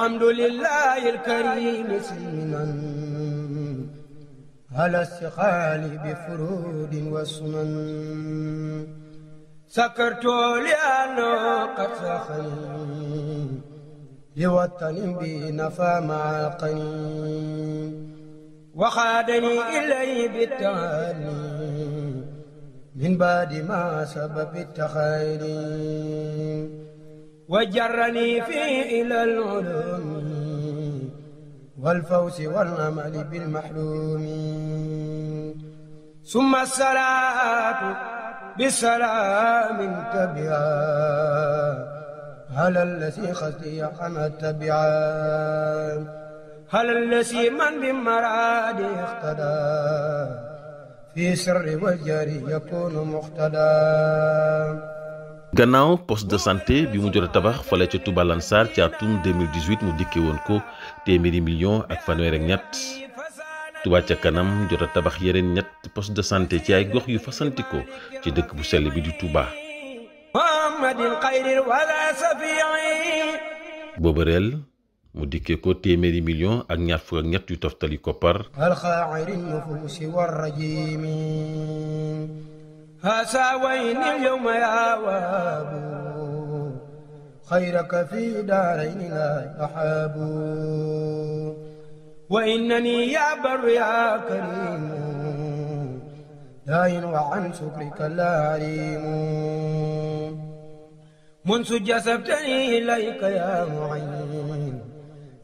الحمد لله الكريم سلما على السخال بفرود وسمن سكرت لأنه قد سخن لوطن بي نفى مع القنين وخادني إليه بالتهاني من بعد ما سبب التخيل وجرني في إلى العلوم والفوز والأمل بالمحلوم ثم الصلاة بسلام تبعا على الذي خطي عن تبعا هل الذي من بمراد اقتدى fi sirri wal gannaaw poste de santé bi mu jot a tabax fale ca Touba Lansar ci atum 2018 mu dikkee woon ko téeméeri million ak fanweer ak ñett Touba ca kanam jot a tabax yeneen ñett poste de santé ci ay gox yu fasanti ko ci dëkk bu sell bi di Touba. booba reel mu dikkee ko téeméeri million ak ñaar fukk ak ñett yu toftali koppar alxaayri nufuusi war rajimi hasa wayni alyawma yaa waabu xayraka fi daarayni laa axaabu wa innani yaa barru yaa karimu daayin wa an sukrika laa arimu munsu jasabtani ilayka yaa muin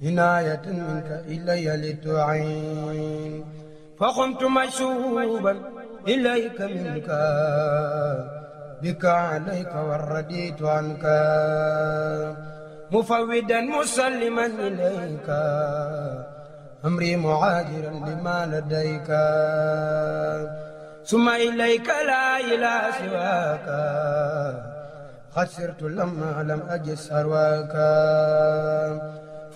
عناية منك إلي لتعين فقمت مشوبا إليك منك بك عليك ورديت عنك مفودا مسلما إليك أمري معاجرا لما لديك ثم إليك لا إله سواك خسرت لما لم أجد سرواك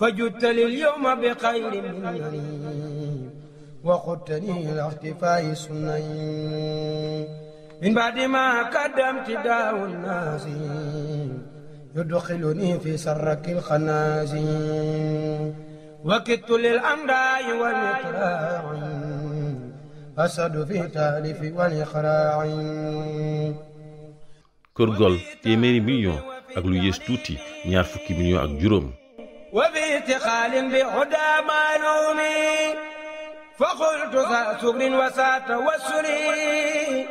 فجدت لليوم بخير من غريب وخدتني إلى اختفاء سنين من بعد ما قدمت داء الناس يدخلني في سرك الخنازير وكدت للأمراء والإقراع أسد في تالف والإخراع kër gol téeméeri million ak lu yées tuuti ñaar fukki million ak juróom وفي اتقال بهدى معلومي فقلت ذا سكر وسا توسلي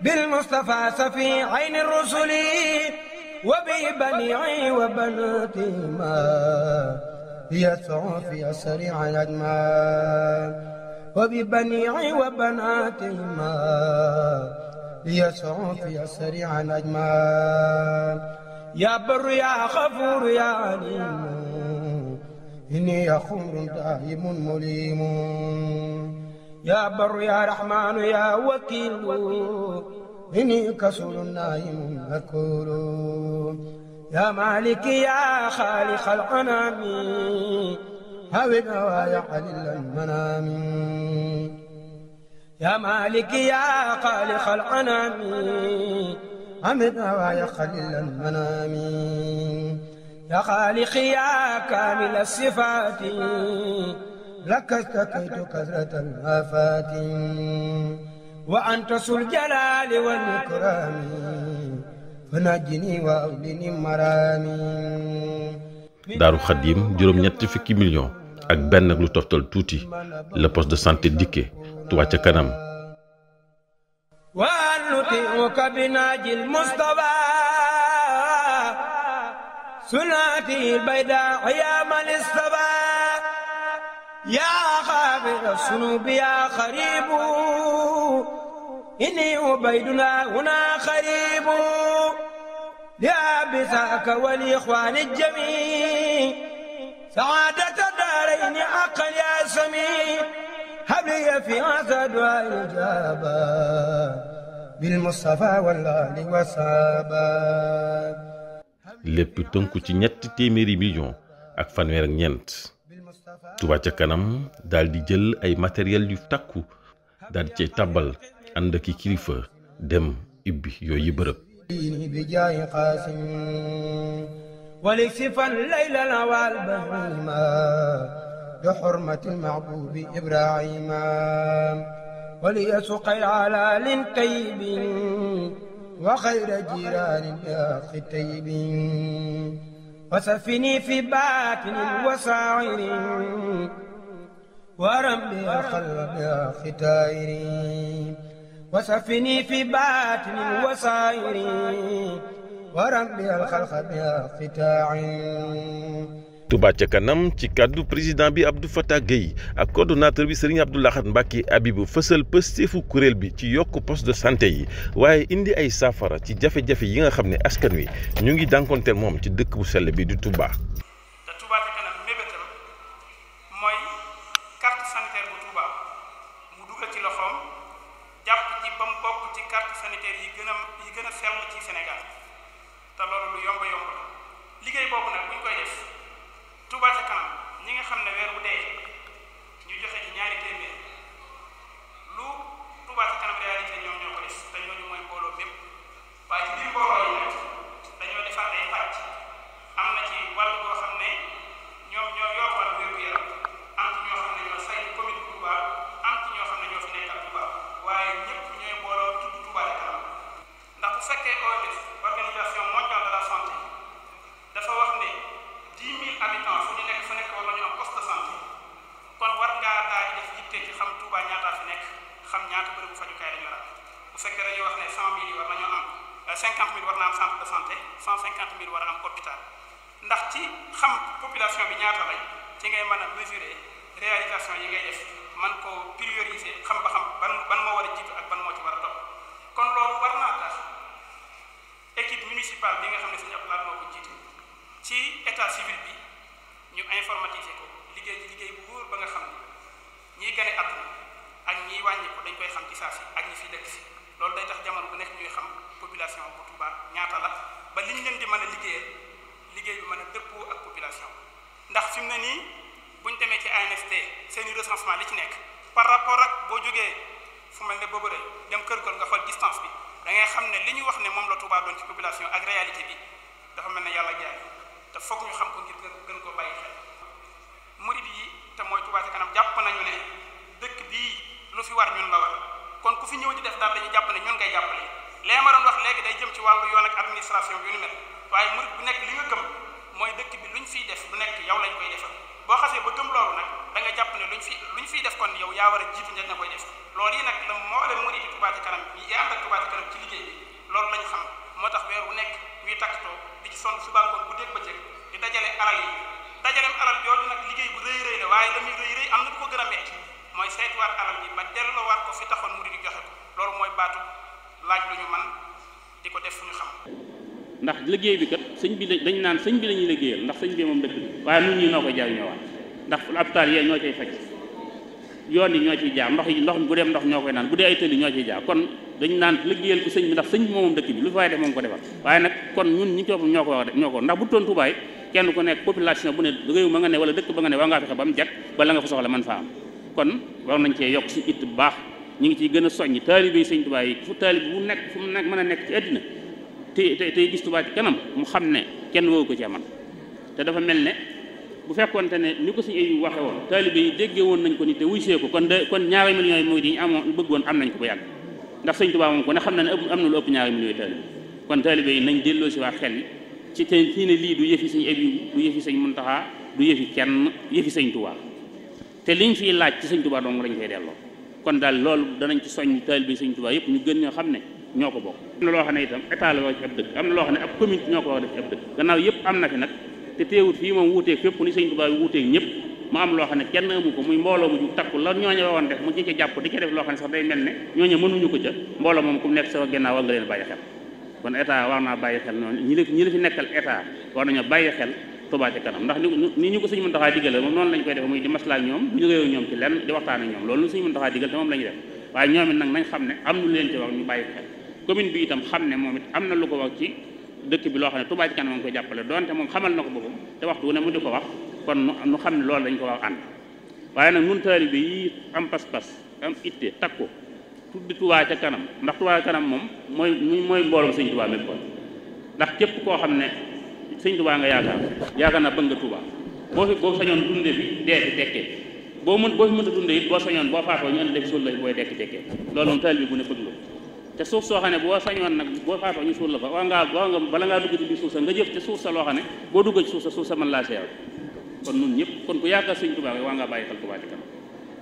بالمصطفى سفي عين الرسل وببني وبناتي ما يسع في سريع الأجمال وببني وبناتي ما يسع في سريع الأجمال يا بر يا غفور يا عليم إني أخمر دائم مليم يا بر يا رحمن يا وكيل إني كسول نائم أكول يا مالك يا خالق الأنام هوي نوايا علل المنام يا مالك يا خالق الأنام أمد نوايا خليل المنام يا خالقي يا كامل الصفات لك اشتكيت كثرة الآفات وأنت ذو الجلال والإكرام فنجني وأغنني مرامي daaru xadim juróom ñetti fukki million ak benn ak lu toftal tuuti la poste de santé dikke Touba ca kanam wa nuti ukabinajil mustafa سنتي البيداء يا من اصطفى يا خافر الذنوب يا خريب إني عبيدنا هنا خريب لأبساك والإخوان الجميع سعادة الدارين عقل يا سميع هب لي في هذا دعاء الإجابة بالمصطفى والآل والصحابة lépp tënku ci ñett téeméeri million ak fanweer ak ñeent Touba ca kanam daal di jël ay matériel yu takku daal di cay tàbbal ànd ak i kilifa dem ibbi yooyu bërëb بحرمة المعبود إبراهيم وليسقي على طيب وخير جيران بأخ الطيب وسفني في باطن وساعر وربي قلب أخ تائر وسفني في باطن وساعر وربي الخلق بأخ تاعر Touba ca kanam ci kàddu président bi Abdou Fattah Gueye ak coordonnateur bi Serigne Abdou Lahad Mbacké Abibu fësal pësteefu kuréel bi ci yokk poste de santé yi waaye indi ay saafara ci jafe-jafe yi nga xam ne askan wi ñu ngi jànkonteel moom ci dëkk bu sell bi di Touba. te Touba ca kanam mébétam mooy carte sanitaire bu Touba mu dugal ci loxoom jàpp ci ba bokk ci carte sanitaire yi gën a ci Sénégal te lu yomb yomb liggéey boobu nag bu koy def. Touba ca kanam ñi nga xam ne weer wu dee ñu joxe ci ñaari téeméer lu Touba ca kanam réalité ñoom ñoo ko des te ñooñu mooy mbooloo bépp waaye ci biir mbooloo municipal bi nga xam ne suñu abdoulaye moo ko jiite ci état civil bi ñu informatiser ko liggéey ci liggéey bu wóor ba nga xam ne ñiy gane àdduna ak ñiy wàññi dañ koy xam ci saa si ak ñi fi dëkk si loolu day tax jamono bu nekk ñuy xam population bu Touba ñaata la ba liñ leen di mën a liggéeyal liggéey bi mën a dëppoo ak population ndax fi mu ne nii buñ demee ci ANST seen i recensement li ci nekk par rapport ak boo jógee fu mel ne boobu rek dem kër gol nga xool distance bi da ngay xam ne li ñu wax ne moom la Touba doon ci population ak réalité bi dafa mel ne yàlla jaay te foog ñu xam ko ngir gën koo bàyyi xel murid yi te mooy Touba ca kanam jàpp nañu ne dëkk bi lu fi war ñun la war kon ku fi ñëw di def daal dañu jàpp ne ñun ngay jàppale lee ma doon wax léegi day jëm ci wàllu yoon ak administration yu ni waaye murid bu nekk li nga gëm mooy dëkk bi ñu fiy def lu nekk yow lañ koy defal boo xasee ba gëm loolu nag da nga jàpp ne luñ fi luñ fiy def kon yow yaa war a jiitu ña koy def loolu yi nag la mboolem murid yi Touba ca kanam yi ànd ak Touba ca kanam ci liggéey bi loolu lañ xam moo tax weer wu nekk takk takkatoo di ci sonn su ngoon bu dem ba jëkk di dajale alal yi dajaleem alal yooyu nag liggéey bu rëy rëy la waaye la muy rëy rëy am na bu ko gën a metti mooy saytuwaat alal yi ba delloowaat ko fi taxoon murid yi joxe ko loolu mooy baatu laaj lu ñu man di ko def fu ñu ndax liggéey bi kat sëñ bi dañ naan sëñ bi lañuy ñuy liggéeyal ndax sëñ bi moom dëkk bi waaye nun ñi noo koy ñoo cay faj yoon yi ñoo ciy jaar ndox yi ndox bu dee ndox ñoo koy naan bu dee ay tëli ñoo ciy jaar kon dañ naan liggéeyal ko moom dëkk lu fay def moom ko defal waaye nag kon ñun ñi ko ñoo ko wax ko ndax bu toon tubaay kenn ku nekk population bu ne réew nga ne wala dëkk ba nga ne waa ngaa fexe ba mu jag ba la nga fa soxla man faa am kon war nañ cee yokk si it bu baax ñu ngi ciy gën a soññ taalibe sëñ tubaay yi fu taalibe bu nekk fu mu nekk mën a nekk ci àddina te te tey gis Touba ci kanam mu xam ne kenn woowu ko ci aman te dafa mel ne bu fekkoonte ne ni ko si ay waxe woon taalibe yi déggee woon nañ ko ni te wuy see ko kon de kon ñaari millions yi di ñu amoon am nañ ko ba yàgg ndax sëñ ko ne xam na ne am na lu ëpp ñaari millions yi taalibe kon taalibe yi nañ delloo si xel yi ci te fii ne lii du yëfi sëñ Abiibu du yëfi sëñ Muntaxa du yëfi kenn yëfi sëñ Touba te liñ fiy laaj ci sëñ Touba dong lañ koy delloo kon daal loolu danañ ci soññ taalibe sëñ Touba yëpp ñu gën ñoo xam ne ñoo ko bokk am na loo xam ne itam état la war ci ab dëkk am na loo xam ne xam ne am nu leen ci wax ñu bàyyi xel commune bi itam xam ne moom it am na lu ko wax ci dëkk bi loo xam ne tubaa Ca Kanam a ngi koy jàppale donte moom xamal na ko boppam te waxtu wu ne mu di ko wax kon nu xam ne loolu dañ ko wax ànd waaye nag nun taalibe yi am pas-pas am itte takku tuddi Touba Ca Kanam ndax Touba Ca Kanam moom mooy mooy mbooloom sëñ Touba mépp kon ndax képp koo xam ne sëñ Touba nga yaakaar yaakaar na bëgg nga Touba boo fi boo sañoon dunde bi dee fi dekkee boo mën boo fi mënta boo sañoon boo faatoo ñu andi def suul la booy dekk te suuf soo xam ne boo sañ sañoon nag boo faatoo la fa waa ngaa waa nga bala ngaa dugg ci suuf sa nga jëf te suuf sa loo xam ne boo dugg ci suuf sa suuf sa mën laa seeral kon nun ñëpp kon ku yaakaar sëñ Tuubaa waa ngaa bàyyi xel Tuubaa ci kanam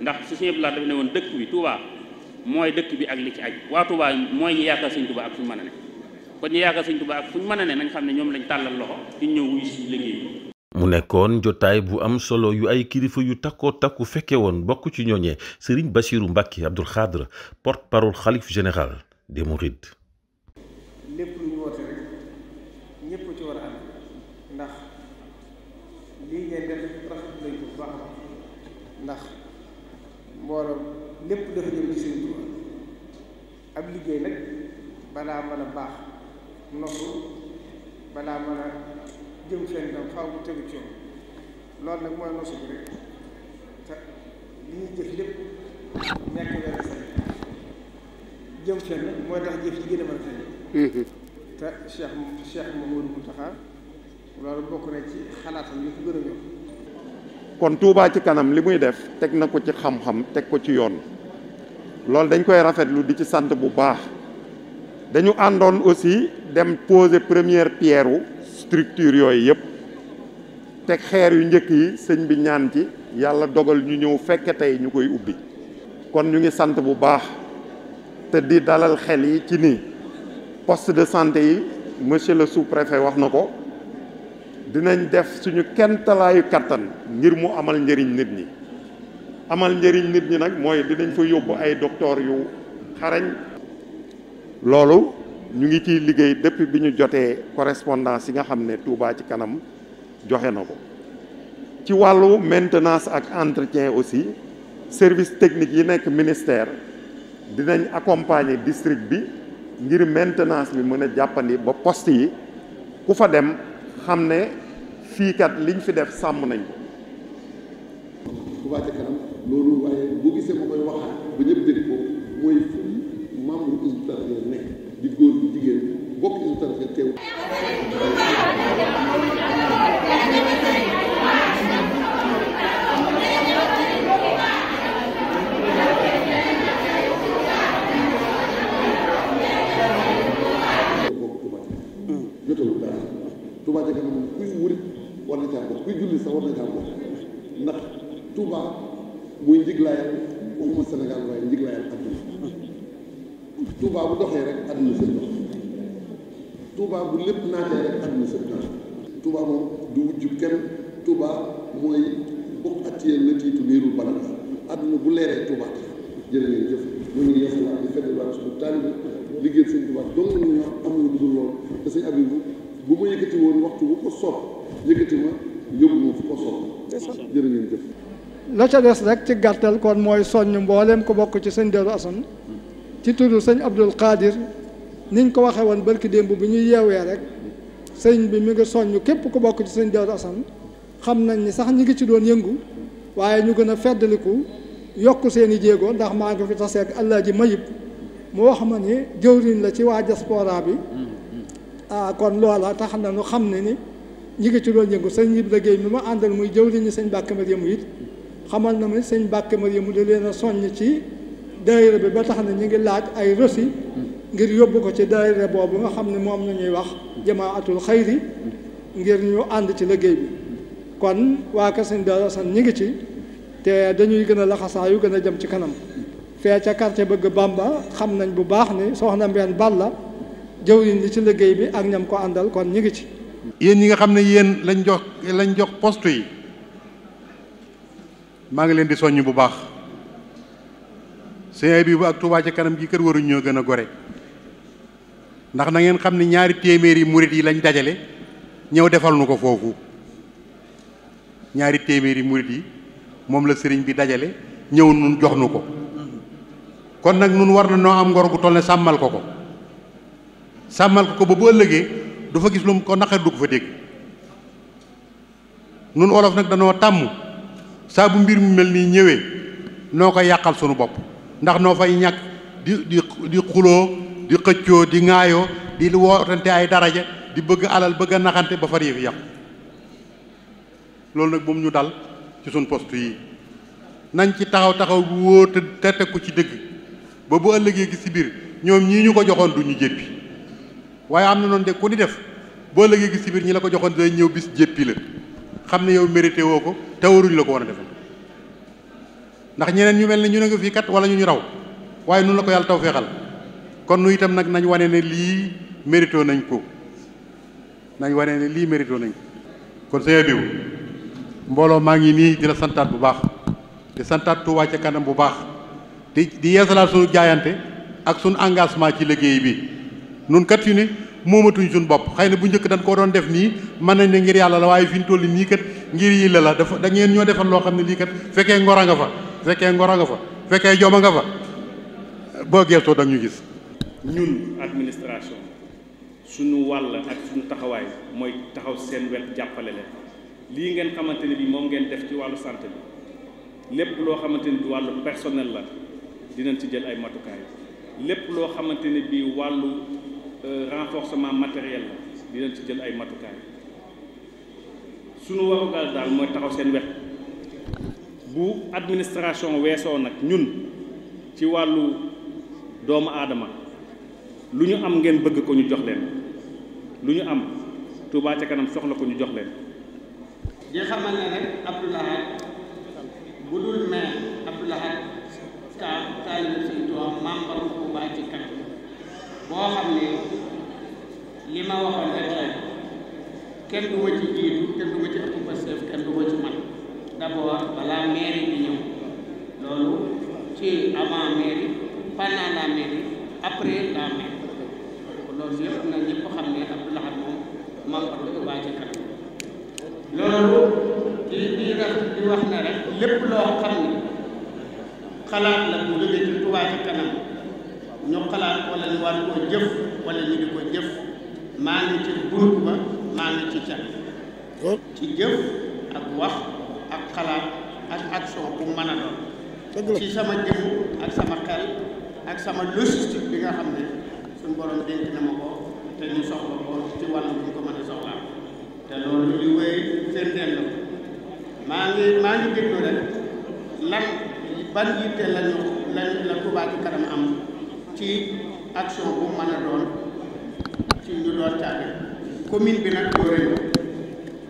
ndax su suñu laa dafa ne woon dëkk bi Tuubaa mooy dëkk bi ak li ci aj waa Tuubaa mooy ñu yaakaar sëñ Tuubaa ak fu ñu mën ne kon ñu yaakaar sëñ Tuubaa ak fu ñu mën ne nañ xam ne ñoom lañ tàllal loxo di ñëw wuy si liggéey mu nekkoon jotaay bu am solo yu ay kilifa yu takkoo takku fekke woon bokk ci ñooñee Serigne Bassirou Mbacké Abdoul Khadre porte-parole xalif général di murid lépp lu ñu woote rek ñëpp ci war a ndax lii ngeen def rafet nañ ko bu baax ndax mbooloo lépp dafa jëm ci seen Tuubaa ab liggéey nag balaa baax nosu balaa mën a jëm fenn tam faaw bu tegu ci yoon nag mooy nosu bi rek li ñuy jëf lépp ñàkk weer jëm mooy tax mhm. Cheikh Cheikh Mouhamadou Mountakha loolu ci kon Touba ci kanam li muy def teg na ko ci xam-xam teg ko ci yoon loolu dañ koy rafetlu di ci sant bu baax dañu àndoon aussi dem poser première pierre u structure yooyu yëpp teg xeer yu njëkk yi sëñ bi ñaan ci yàlla dogal ñu ñëw fekk tey ñu koy ubbi kon ñu ngi sant bu baax te di dalal xel yi ci nii poste de santé yi monsieur le sous-préfet wax na ko dinañ def suñu kenn kentalaayu kattan ngir mu amal njëriñ nit ñi amal njëriñ nit ñi nag mooy dinañ fa yóbbu ay docteur yu xarañ loolu ñu ngi ciy liggéey depuis bi ñu jotee correspondance yi nga xam ne Touba ci kanam joxe na ko ci wàllu maintenance ak entretien aussi service technique yi nekk ministère dinañ accompagner district bi ngir maintenance bi mën a jàppandi ba poste yi ku fa dem xam ne fii kat liñ fi def sàmm nañ ko. Touba ca kanam moom kuy murit war na caa bokk kuy julli sax war na caa ndax Touba mooy njiglaayal waxuma Sénégal waaye njiglaayal adduna Touba bu doxee rek adduna seen dox bu lépp naatee rek adduna seen naat moom du wujju kenn Touba mooy bokk at yéen la tiitu niirul balal adduna bu leeree tubaa jërë ngeen jëf ñu ngi yeesalaat di fedd waat suñu taalibe liggéeyal seen Touba dong ñu ñoo am na lu te sëñ Abibu bu ma yëkkati woon waxtu bu ko la ca des rek ci gàttal kon mooy soññ mbooleem ko bokk ci seen Darou Assane ci turu sëñ Abdul Qadir niñ ko waxee woon barki démb bu ñuy yeewee rek sëñ bi mi ngi soññ képp ko bokk ci sëñ Darou Assane xam nañ ni sax ñi ngi ci doon yëngu waaye ñu gën a feddaliku yokk seen i jéego ndax maa ngi fi taseeg allah ji mayib mu wax ma ni jëwriñ la ci waa diaspora bi ah kon loola tax na nu xam ne ni ñi ngi ci doon yëngu sëñ Ibra Gueye mi ma àndal muy jëwriñu sëñ Mbàkke Mariamu it xamal na ma sëñ Mbàkke Mariamu da leen a soññ ci daayira bi ba tax na ñu ngi laaj ay rosi ngir yóbbu ko ci daayira boobu xam ne moom la ñuy wax jamaatul xayri ngir ñu ànd ci liggéey bi kon waa kër sëñ Daaru Asan ñi ngi ci te dañuy gën a laxasaayu gën a jëm ci kanam fee ca quartier bëgg Bamba xam nañ bu baax ni soxna Mbeen Balla jëwriñ li ci liggéey bi ak ñam ko àndal kon ñu ngi ci yéen ñi nga xam ne yéen lañ jox lañ jox poste yi maa ngi leen di soññ bu baax sëñ bi bu ak Touba ca kanam gi kër waruñ ñoo gën a gore ndax na ngeen xam ne ñaari téeméeri murit yi lañ dajale ñëw defal nu ko foofu ñaari téeméeri murit yi moom la sëriñ bi dajale ñëw nun jox nu ko kon nag nun war na noo am ngor gu toll ne sàmmal ko ko sàmmal ko ko ba bu ëllëgee du fa gis lu mu ko naqar du ko fa dégg nun olof nag danoo tàmm saa bu mbir mu mel nii ñëwee noo ko yàqal sunu bopp ndax noo fay ñàkk di di di xuloo di xëccoo di ŋaayoo di wootante ay daraja di bëgg alal bëgg a naxante ba far yëf yàqu loolu nag bu mu ñu dal ci suñ poste yi nañ ci taxaw taxaw bu wóor te te teg ko ci dégg ba bu ëllëgee gi si biir ñoom ñii ñu ko joxoon du ñu jéppi waaye am na noonu de ku ni def boo léegi gis ci biir ñi la ko joxoon day ñëw bis jéppi la xam ne yow mérité woo ko te waruñ la ko war a defal ndax ñeneen ñu mel ne ñu ne nga fii kat wala ñu ñu raw waaye nu la ko yàlla taw feexal kon nu itam nag nañ wanee ne lii mérité nañ ko nañ wane ne lii mérité nañ kon sëñ biw mbooloo maa ngi nii di la santaat bu baax di santaat Tuubaa ca kanam bu baax di di yeesalaat suñu jaayante ak suñu engagement ci liggéey bi nun kat yu ne moomatuñ suñu bopp xëy na bu njëkk dañ koo doon def nii mën nañ ne ngir yàlla la waaye fi ñu toll nii kat ngir yi la la dafa da ngeen ñoo defal loo xam ne lii kat fekkee ngor a nga fa fekkee ngor a nga fa fekkee jom a nga fa boo geestoo da ñu gis ñun administration suñu wàll ak suñu taxawaay mooy taxaw seen wet jàppale leen lii ngeen xamante ne bi moom ngeen def ci wàllu santé bi lépp loo xamante ne bi wàllu personnel la dinañ ci jël ay matukaay lépp loo xamante ne bi wàllu renforcement matériel la di leen ci jël ay matukaay sunu warugal daal mooy taxaw seen wet bu administration weesoo nag ñun ci wàllu doomu aadama lu ñu am ngeen bëgg ko ñu jox leen lu ñu am Touba ca kanam soxla ko ñu jox leen di xamal ne rek Abdou Lahad bu dul maire Abdou Lahad ka taalibe Sëñ Tuubaa membre Touba ci kanam boo xam ne li ma waxoon rek kenn du ma ci jiitu kenn du ma ci ëpp Pastef kenn du ma ci man d'abord balaa mairie bi ñëw loolu ci avant mairie pendant la après la mairie loolu yëpp nag ñëpp xam ne Abdou Lahad moom man ko du waa ci kanam loolu di di di wax na rek lépp loo xam ne xalaat la bu jógee ci Touba ci kanam ñu xalaat wala ñu war koo jëf wala ñu di ko jëf maa ngi ci burut ba maa ngi ci ca oh. ci jëf ak wax ak xalaat ak action bu mën a doon ci sama jëf ak sama xel ak sama logistique bi nga xam ne suñ borom dénk na ma ko te ñu soxla ko ci wàllu ñu ko mën a soxlaa te loolu li wéy firndeel la maa ngi maa ngi déglu rek lan ban yitte lañu lañ la Touba Kanam am ci action bu mën a doon ci ñu doon caabi commune bi nag dóorén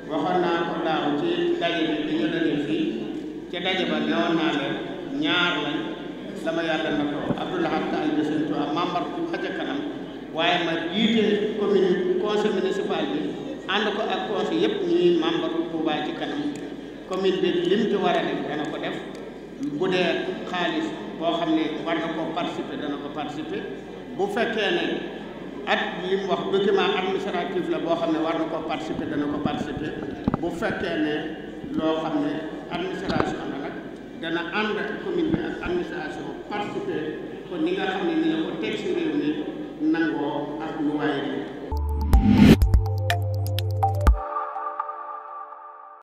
waxoon naa ko daaw ci daje bi bi ñu daje fii ca daje ba newoon naa leen ñaar lañ dama yàlla na ko Abdoulahat Ka bi seen tuwaa membre bu xaj a kanam waaye ma jiite commune conseil municipal bi ànd ko ak conseil yëpp ñuy membre Touba ci kanam commune bi lim ci war a def dana ko def bu dee xaalis boo xam ne war na koo participer dana ko participer bu fekkee ne at li mu wax document administratif la boo xam ne war na ko participer dana ko participer bu fekkee ne loo xam ne administration la nag dana ànd ak commune bi ak administration participer ko ni nga xam ne ni la ko teg réew mi nangoo ak lu waaye